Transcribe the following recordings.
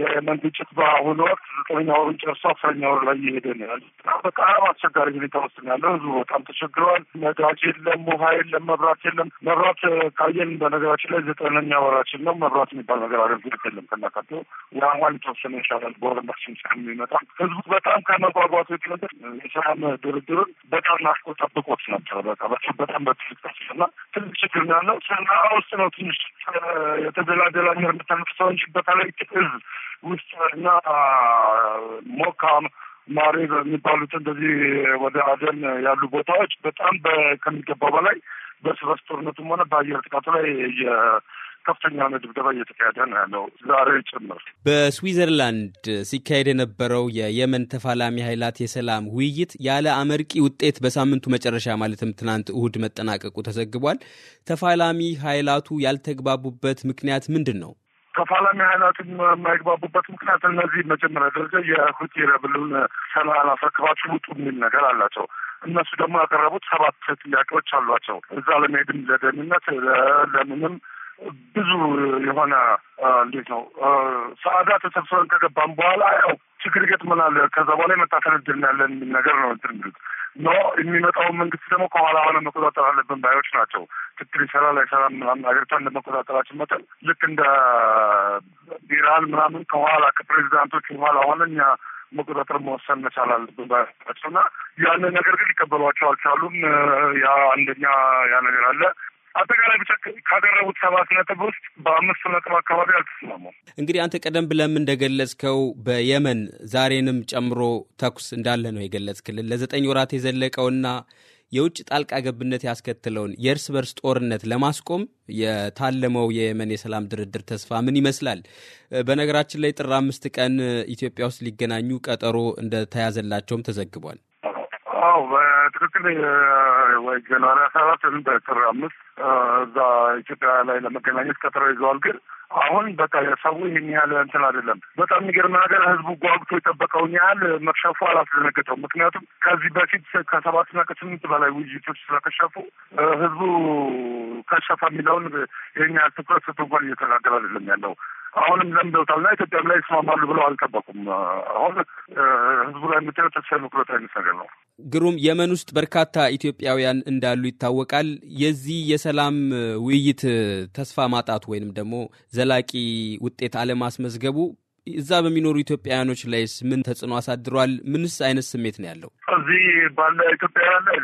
የመንግስት ግጭት በአሁኑ ወቅት ዘጠነኛ ወሩን ጨርሶ አስረኛ ወር ላይ እየሄደ ነው ያለ። በጣም አስቸጋሪ ሁኔታ ውስጥ ነው ያለው። ህዝቡ በጣም ተቸግረዋል። ነዳጅ የለም፣ ውሃ የለም፣ መብራት የለም። መብራት ካየን በነገራችን ላይ ዘጠነኛ ወራችን ነው። መብራት የሚባል ነገር አገልግሎት የለም። ከናካቶ ውሃ የተወሰነ ይሻላል በወረዳችን የሚመጣ ህዝቡ በጣም ከመጓጓቱ የተነሳ የሰላም ድርድሩን በጣም ናፍቆ ጠብቆት ነበር። በቃ በጣም በትልቅ ተስና ትልቅ ችግር ነው ያለው። ሰና ውስጥ ነው ትንሽ የተደላደላ አየር የምታነፍሰው እንጂ በተለይ ህዝብ ውስጥ ሞካም ማሬ በሚባሉት እንደዚህ ወደ አደን ያሉ ቦታዎች በጣም ከሚገባው በላይ በእርስ በርስ ጦርነቱም ሆነ በአየር ጥቃቱ ላይ ከፍተኛ የሆነ ድብደባ እየተካሄደ ነው ያለው ዛሬ ጭምር። በስዊዘርላንድ ሲካሄድ የነበረው የየመን ተፋላሚ ኃይላት የሰላም ውይይት ያለ አመርቂ ውጤት በሳምንቱ መጨረሻ ማለትም ትናንት እሁድ መጠናቀቁ ተዘግቧል። ተፋላሚ ኃይላቱ ያልተግባቡበት ምክንያት ምንድን ነው? ተፋላሚ ኃይላትም የማይግባቡበት ምክንያት እነዚህ መጀመሪያ ደረጃ የሁቲ ረብልን ሰላን አላስረክባችሁ ውጡ የሚል ነገር አላቸው። እነሱ ደግሞ ያቀረቡት ሰባት ጥያቄዎች አሏቸው። እዛ ለመሄድም ለደህንነት ለምንም ብዙ የሆነ እንዴት ነው ሰአዳ ተሰብስበን ከገባም በኋላ ያው ችግር ገጥመናል፣ ከዛ በኋላ የመታሰር እድል ያለን የሚል ነገር ነው እንትን የሚሉት ኖ የሚመጣውን መንግስት ደግሞ ከኋላ ሆነ መቆጣጠር አለብን ባዮች ናቸው። ትክክል ይሰራ ላይ ሰራ ምናምን ሀገሪቷን ለመቆጣጠራችን መጠን ልክ እንደ ኢራን ምናምን ከኋላ ከፕሬዚዳንቶች ኋላ ሆነ እኛ መቆጣጠር መወሰን መቻል አለብን ባዮች ናቸው እና ያንን ነገር ግን ሊቀበሏቸው አልቻሉም። ያ አንደኛ ያ ነገር አለ። አጠቃላይ ብቻ ካቀረቡት ሰባት ነጥብ ውስጥ በአምስቱ ነጥብ አካባቢ አልተስማሙም። እንግዲህ አንተ ቀደም ብለም እንደገለጽከው በየመን ዛሬንም ጨምሮ ተኩስ እንዳለ ነው የገለጽክልን። ለዘጠኝ ወራት የዘለቀውና የውጭ ጣልቃ ገብነት ያስከትለውን የእርስ በርስ ጦርነት ለማስቆም የታለመው የየመን የሰላም ድርድር ተስፋ ምን ይመስላል? በነገራችን ላይ ጥር አምስት ቀን ኢትዮጵያ ውስጥ ሊገናኙ ቀጠሮ እንደተያዘላቸውም ተዘግቧል። አዎ በትክክል ወይ ጀንዋሪ አስራ አራት ስምንት በስር አምስት እዛ ኢትዮጵያ ላይ ለመገናኘት ቀጠሮ ይዘዋል። ግን አሁን በቃ ሰው ይህን ያህል እንትን አይደለም። በጣም የሚገርም ነገር ህዝቡ ጓጉቶ የጠበቀውን ያህል መክሸፉ አላስደነገጠው። ምክንያቱም ከዚህ በፊት ከሰባትና ከስምንት በላይ ውይይቶች ስለከሸፉ ህዝቡ ከሸፈ የሚለውን ይህን ያህል ትኩረት ስቶ እንኳን እየተናገር አይደለም ያለው አሁንም ለምደውታል እና ኢትዮጵያም ላይ ይስማማሉ ብለው አልጠበቁም። አሁን ህዝቡ ላይ የሚታየው ተስፋ መቁረጥ አይነት ነገር ነው። ግሩም፣ የመን ውስጥ በርካታ ኢትዮጵያውያን እንዳሉ ይታወቃል። የዚህ የሰላም ውይይት ተስፋ ማጣቱ ወይንም ደግሞ ዘላቂ ውጤት አለማስመዝገቡ እዛ በሚኖሩ ኢትዮጵያውያኖች ላይስ ምን ተጽዕኖ አሳድሯል? ምንስ አይነት ስሜት ነው ያለው? እዚህ ባለ ኢትዮጵያውያን ላይ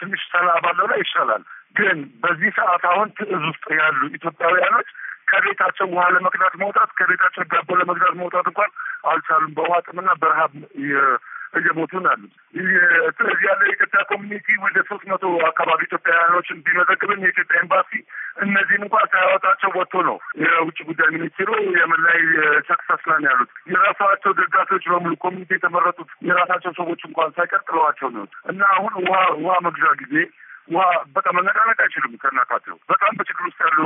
ትንሽ ሰላም ባለው ላይ ይሻላል ግን በዚህ ሰዓት አሁን ትዕዝ ውስጥ ያሉ ኢትዮጵያውያኖች ከቤታቸው ውሃ ለመቅዳት መውጣት፣ ከቤታቸው ዳቦ ለመግዛት መውጣት እንኳን አልቻሉም። በውሃ ጥምና በረሃብ እየሞቱ ነው ያሉት። ያለ የኢትዮጵያ ኮሚኒቲ ወደ ሶስት መቶ አካባቢ ኢትዮጵያውያኖችን ቢመዘግብም የኢትዮጵያ ኤምባሲ እነዚህን እንኳን ሳያወጣቸው ወጥቶ ነው የውጭ ጉዳይ ሚኒስትሩ የምን ላይ ሰክሰስላን ያሉት የራሳቸው ደጋፊዎች በሙሉ ኮሚኒቲ የተመረጡት የራሳቸው ሰዎች እንኳን ሳይቀር ጥለዋቸው ነው እና አሁን ውሃ ውሃ መግዣ ጊዜ ውሃ በቃ መነቃነቅ አይችልም። ከናካቴው በጣም በችግር ውስጥ ያሉ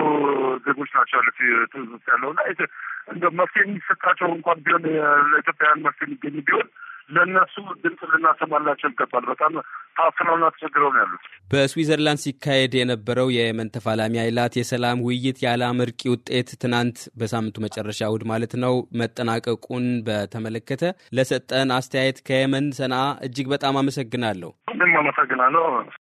ዜጎች ናቸው ያሉት ትዝ ውስጥ ያለው እና እንደ መፍትሄ የሚሰጣቸው እንኳን ቢሆን ለኢትዮጵያውያን መፍትሄ የሚገኝ ቢሆን ለእነሱ ድምፅ ልናሰማላቸው ይገባል። በጣም ታፍነውና ተቸግረው ነው ያሉት። በስዊዘርላንድ ሲካሄድ የነበረው የየመን ተፋላሚ ኃይላት የሰላም ውይይት ያለ አመርቂ ውጤት ትናንት በሳምንቱ መጨረሻ እሑድ ማለት ነው መጠናቀቁን በተመለከተ ለሰጠን አስተያየት ከየመን ሰንዓ እጅግ በጣም አመሰግናለሁ። እኔም አመሰግናለሁ።